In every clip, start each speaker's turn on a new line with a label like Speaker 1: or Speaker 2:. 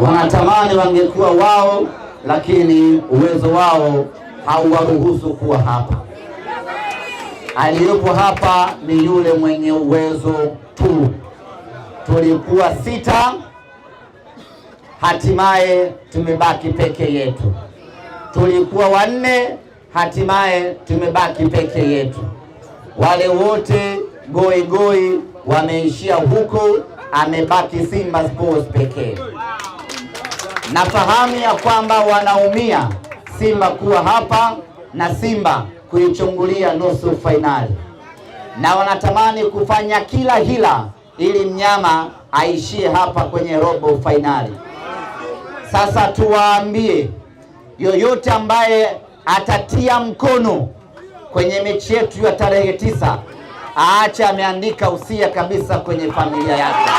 Speaker 1: Wanatamani wangekuwa wao, lakini uwezo wao hauwaruhusu kuwa hapa. Aliyopo hapa ni yule mwenye uwezo tu. Tulikuwa sita, hatimaye tumebaki peke yetu. Tulikuwa wanne, hatimaye tumebaki peke yetu. Wale wote goigoi wameishia huko, amebaki Simba Sports pekee. Nafahamu ya kwamba wanaumia Simba kuwa hapa na Simba kuichungulia nusu fainali, na wanatamani kufanya kila hila ili mnyama aishie hapa kwenye robo fainali. Sasa tuwaambie, yoyote ambaye atatia mkono kwenye mechi yetu ya tarehe tisa aache ameandika usia kabisa kwenye familia yake.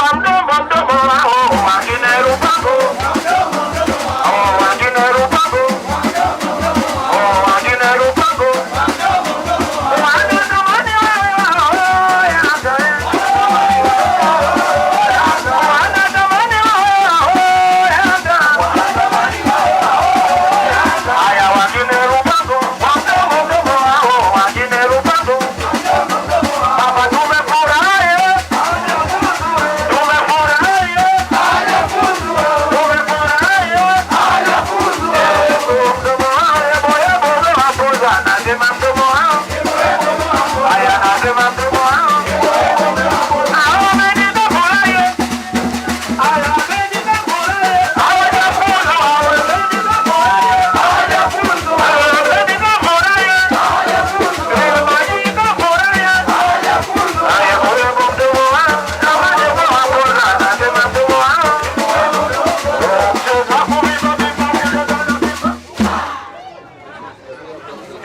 Speaker 1: মন্দ মন্দ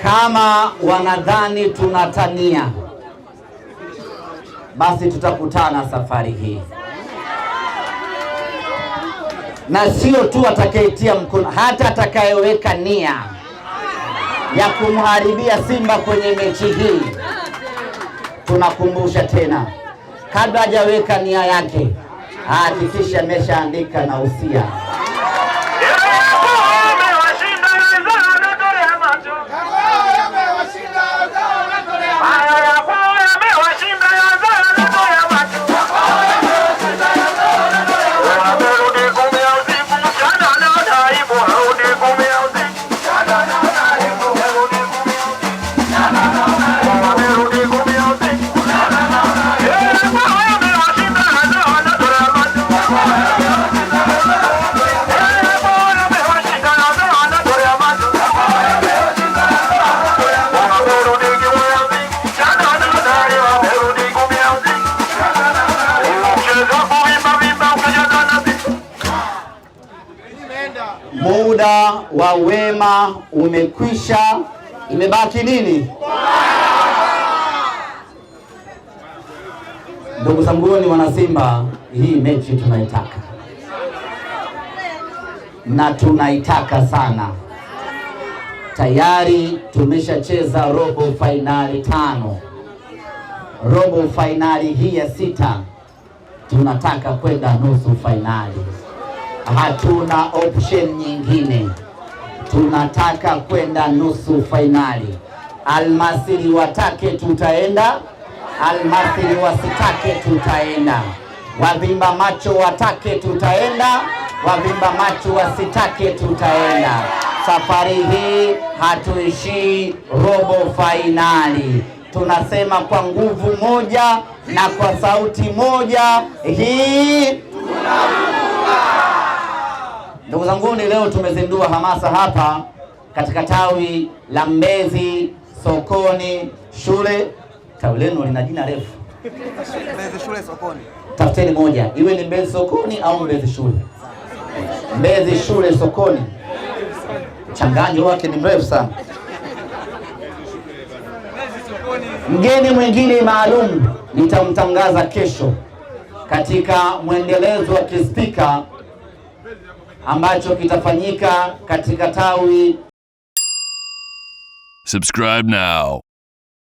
Speaker 1: Kama wanadhani tunatania, basi tutakutana safari hii, na sio tu atakayetia mkono, hata atakayeweka nia ya kumharibia Simba kwenye mechi hii. Tunakumbusha tena, kabla hajaweka nia yake, hakikisha ameshaandika na usia Muda wa wema umekwisha, imebaki nini? Ndugu zanguni, wanasimba, hii mechi tunaitaka na tunaitaka sana. Tayari tumeshacheza robo fainali tano, robo fainali hii ya sita tunataka kwenda nusu fainali hatuna option nyingine, tunataka kwenda nusu fainali. Almasiri watake tutaenda, Almasiri wasitake tutaenda, wavimba macho watake tutaenda, wavimba macho wasitake tutaenda. Safari hii hatuishii robo fainali, tunasema kwa nguvu moja na kwa sauti moja hii Langoni leo tumezindua hamasa hapa katika tawi la Mbezi Sokoni shule. Tawi lenu lina jina refu, Mbezi shule Sokoni. Tafuteni moja, iwe ni Mbezi Sokoni au Mbezi shule. Mbezi shule Sokoni, changanyo wake ni mrefu sana. Mgeni mwingine maalum nitamtangaza kesho katika mwendelezo wa kispika ambacho kitafanyika katika tawi. Subscribe now.